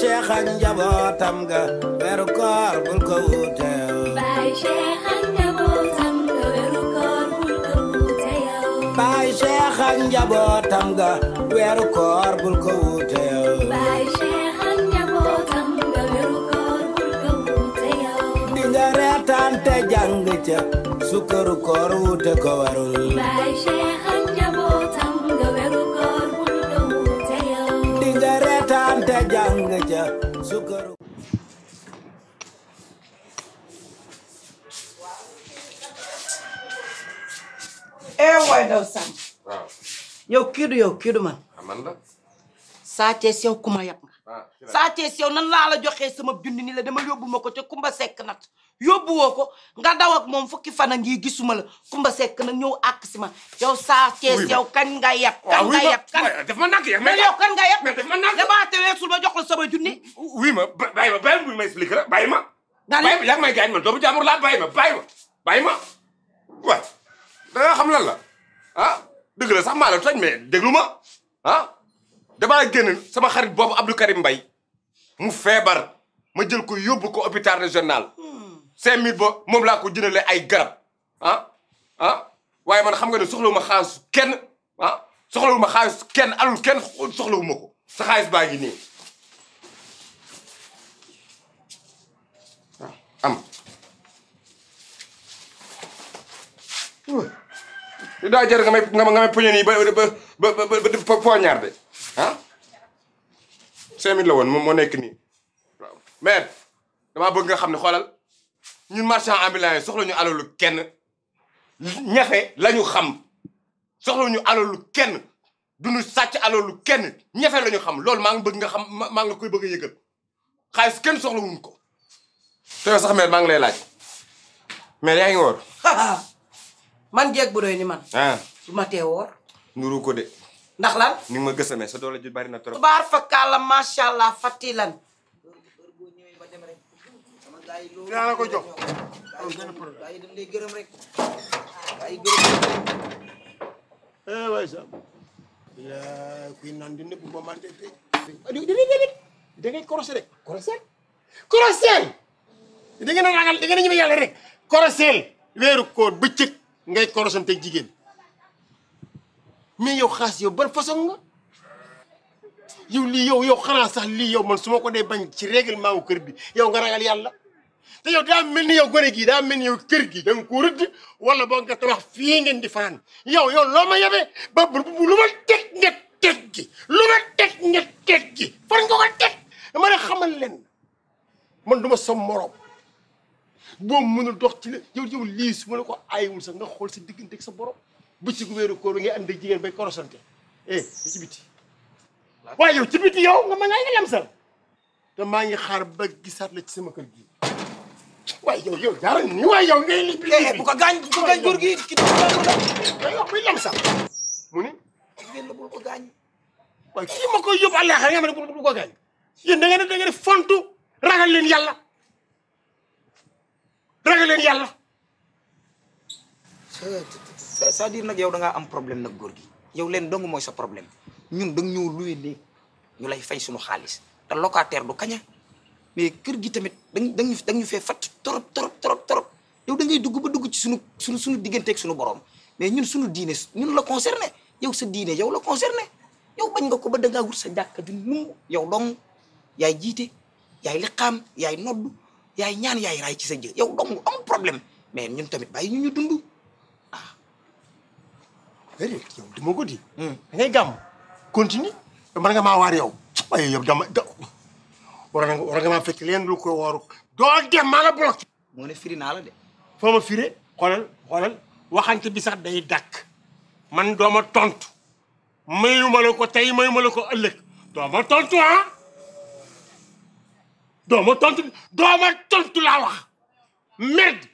Cheikh ak njabootam ga weeru koor bul ko wuute Baay Cheikh ak njabootam ga weeru koor bul ko wuute yow Baay Cheikh ak njabootam ga weeru koor bul ko wuute yow Baay Cheikh ak njabootam ga weeru koor bul ko wuute yow di nga reetaan te jàng ca sukkaru koor wuute ko warul Baay Cheikh eh waay daw Sane. waaw yow kii du yow kii du man. Ah, man la. Sa Thiès kuma yab nga. Ah, Sa Thiès yow nan laa la joxee sama junni ni la dama yóbbu ma ko ca Kumba Seck nat yóbbu woo ko nga daw ak moom fukki fan ak ngi gisuma la Kumba Seck nag ñëw àgg si ma yow Sa Thiès yow kañ nga yab. Ah, kañ nga yab kan ma nàkk yab mais yow nga yab. mais daf ma nàkk sul ma jox sama junni. oui ma bàyyi ma bàyyi ma ma la bàyyi ma. nga ne bàyyi ma yaa ngi laa bàyyi ma bàyyi ma bàyyi da xam lan la ah dëgg la sax maa la tooñ mais déglu ma ah, damaa génn sama xarit boobu Abdou Karim Mbaye mu feebar ma jël ko yóbbu ko hôpital régional. 5000 hmm. ba moom laa ko jëndalee ay garab ah ah waaye man xam nga ne soxlawuma xaalis kenn ah soxlawuma xaalis kenn alu kenn soxlawuma ko sa xaalis baa ngi nii. daa jar nga may nga may poñe nii ba ba ba ba def poignard de ah. 5000 la woon moom moo nekk nii waaw mais damaa bëgg nga xam ne xoolal ñun marchand ambulant soxla ñu alalu kenn ñafe lañu xam soxla ñu alalu kenn dunu sàcc alalu kenn ñafe lañu xam loolu maa ngi bëgg nga xam maa ngi koy bëgg a yëgal xaalis kenn soxla wuñ ko. te sax mais maa ngi lay laaj mais yaa man jeeg bu ni man. ah su ma wor nuru ko de. ndax lan. ni ma gësamee sa doole ju bari na torop bar fa ma sha allah fàtti lan. dinaa la ko jox. waaye dañ lay gërëm rek. waaye gërëm. waay sa. kuy naan di nëbb ba man de tey. da ngay korosé rek. korosé. korosel. Korosel? Korosel. a ragal da ngeen a ñeme Korosel. rek. korosé. weeru koor bëccëg. ngay korosante jigéen mais yow xaas yow ban façon nga yow lii yow yow xanaa sax lii yow man suma ko dee bañ ci réglement wu kër bi yow nga ragal yàlla te yow daa mel ni yow gone gii daa mel ni yow kër gi da nga ko rëdd wala boo nga tabax fii ngeen di fanaan yow yow loo ma yebee ba lu ma teg nga teg gi lu ma teg nga far nga ko teg dama leen man duma ma sa boo mënul dox ci la yow yow lii su ma la ko aayewul sax nga xool sa diggante ak sa borom bëccëgu weeru koor ngay ànd ak jigéen bay korosante eh ci biti waaye yow ci biti yow nga ma ngay nga lamsal te maa ngi xaar ba gisaat la ci sama kër gi waaye yow yow jaara ni waaye yow ngay li bi eh, bu ko gaañ bu ko gaañ góor gi ki do la wax muy lamsal mu ni jigéen la bu ko gaañ waaye kii ma koy yóbbu nga ma ko gaañ yéen da ngeen da ngeen fontu ragal leen yàlla ragal leen yàlla. c'est-à-dire yow da ngaa am problème nag góor gi yow ya leen dong mooy sa problème ñun da ñoo luwe néeg ñu lay fay suñu xaalis te locataire du kaña mais kër gi gitu, tamit dañ dañ da ñu fee fatt trop trop trop trop yow ya da ngay dugg ba dugg ci suñu suñu suñu digganteeg suñu borom mais ñun suñu diine ñun la ya concerné yow sa diine yow la concerné yow bañ nga ko ba da wut sa jàkka ju numb yow dong yaay jiite yaay liqaam yaay noddu yaay ñaan yaay ray ci sa jë yow dong am problème mais ñun tamit bay ñu dundu ah déedéet yow dama ko di hmm. da ngay gam continue man nga ma war yow ay yow dama war nga war nga ma fekk len lu ko wooru do dem ma la bloqué mo ne firi na la de fo ma firé xolal xoolal waxante bi sax day dak man dooma tontu mayuma la ko mayuma la ko ëllëg tontu ah dooma tontu dooma tontu laa wax merde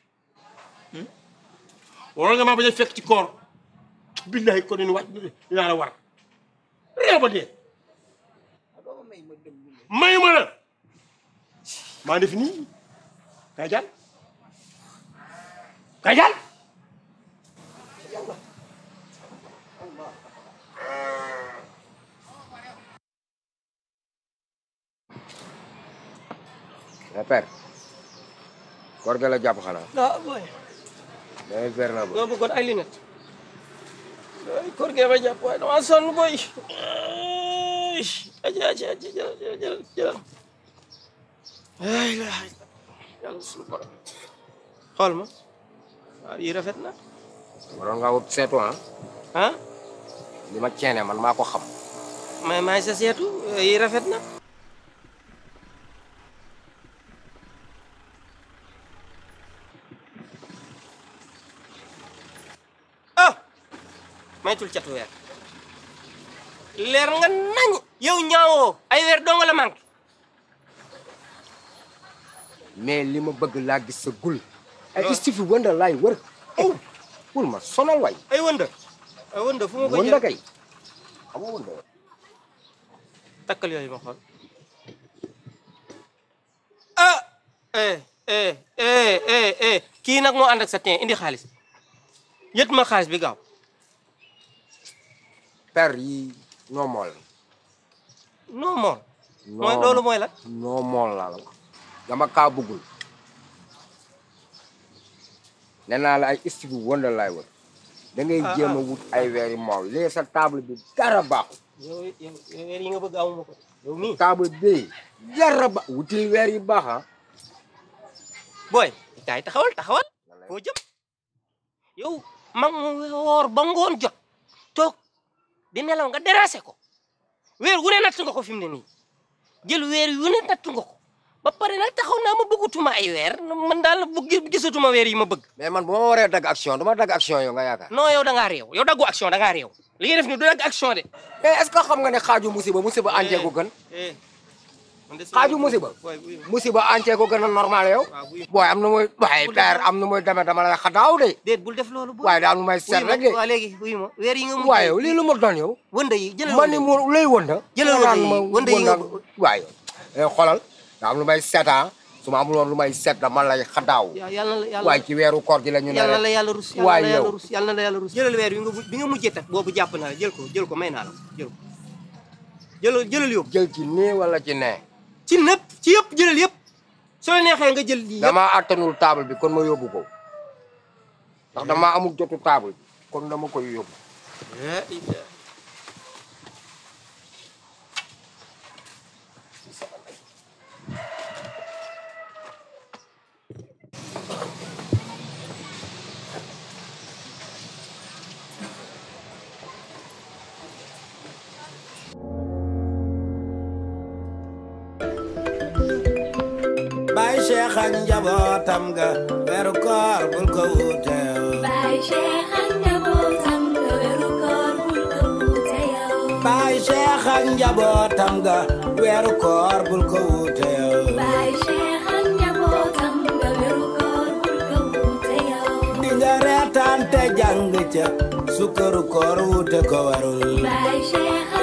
waroon nga maa bañ a fekk ci koor billahi ko nin wàcc dinaa la war réew ba may ma la maa def nii kay jàll mais père war nga la jàpp xanaa. ah booy. mais père naa booy. doo bëggoon ay lunette. ay koor gee ma jàpp waaye damaa sonn booy. aji aji aji jëlal jëlal jëlal jëlal. ay la yàlla suñu borom. xool ma waaw yii rafet na. waroon ma wut seetu ah. ah. li ma ceene man maa ko xam. mais maay sa seetu yii rafet na. maytul catu weer leer nga nañ yow ñaawoo ay weer doo nga la manqué mais li ma bëgg laa gis sa gul ay stifi wënda laay wër wul ma sonal waay ay wënda fu ma ko takkal yooyu ma xool ah eh eh, eh eh eh eh kii nag moo ànd ak sa teen indi xaalis yët ma xaalis bi gaaw very normal. normal. mooy loolu mooy la. normal la la dama kaa bëggul. nee naa la ay istigu wënde laay wër. da ngay ah, jéem a ah. wut ay weeri maaw léegi sa table bi dara weer wutil weer yu baax ah. booy. kaay taxawal taxawal. foo yow mag woor ba jot. di nelaw nga déranger ko weer wu ne natt nga ko fi mu ne nii jël weer wu ne natt nga ko ba pare nag taxaw naa ma bëggatuma ay weer man daal gisatuma weer yi ma bëgg. mais man bu ma waree dagg action du ma dagg action yow nga yaakaar. non yow da ngaa réew yow daggu action da ngaa réew. li ngay du dagg action de. mais est que xam nga ne xaaju musiba musiba gu gën. Eh, eh. xaaju musiba musiba entier ko gën a normal yow booy am na mooy waaye daar am na mooy deme dama la xadaaw de déet bul def loolu waaye daal mu may seet rek de waaw léegi wuyu ma weer yi nga mu waaye yow lii lu ma doon yow wënda yi jëlal ma ni mu lay wënda jëlal ma wënda yi waaye eh, yow xoolal daa am lu may seet ah su ma amul woon lu may seet dama lay xadaaw waaye ci weeru koor gi la ñu ne yàlla la yàlla rus waaye yow yàlla la yàlla rus jëlal weer yi nga bi nga mujjee tak boobu jàpp naa la jël ko jël ko may naa la jël ko jëlal jëlal yóbbu jël ci nii wala ci nee ci nëpp ci yëpp jëlal yëpp soo neexee nga jël lii yëpp damaa attanul table bi kon ma yóbbu ko ndax damaa amul jotu table bi kon dama koy yóbbu bay Cheikh ak njabootam ga weeru koor bul ko wuute bay Cheikh ak njabootam ga weeru koor bul ko wuute yow bay Cheikh ak njabootam weeru koor bul ko wuute yow bay Cheikh ak koor bul te jàng ca sukkaru koor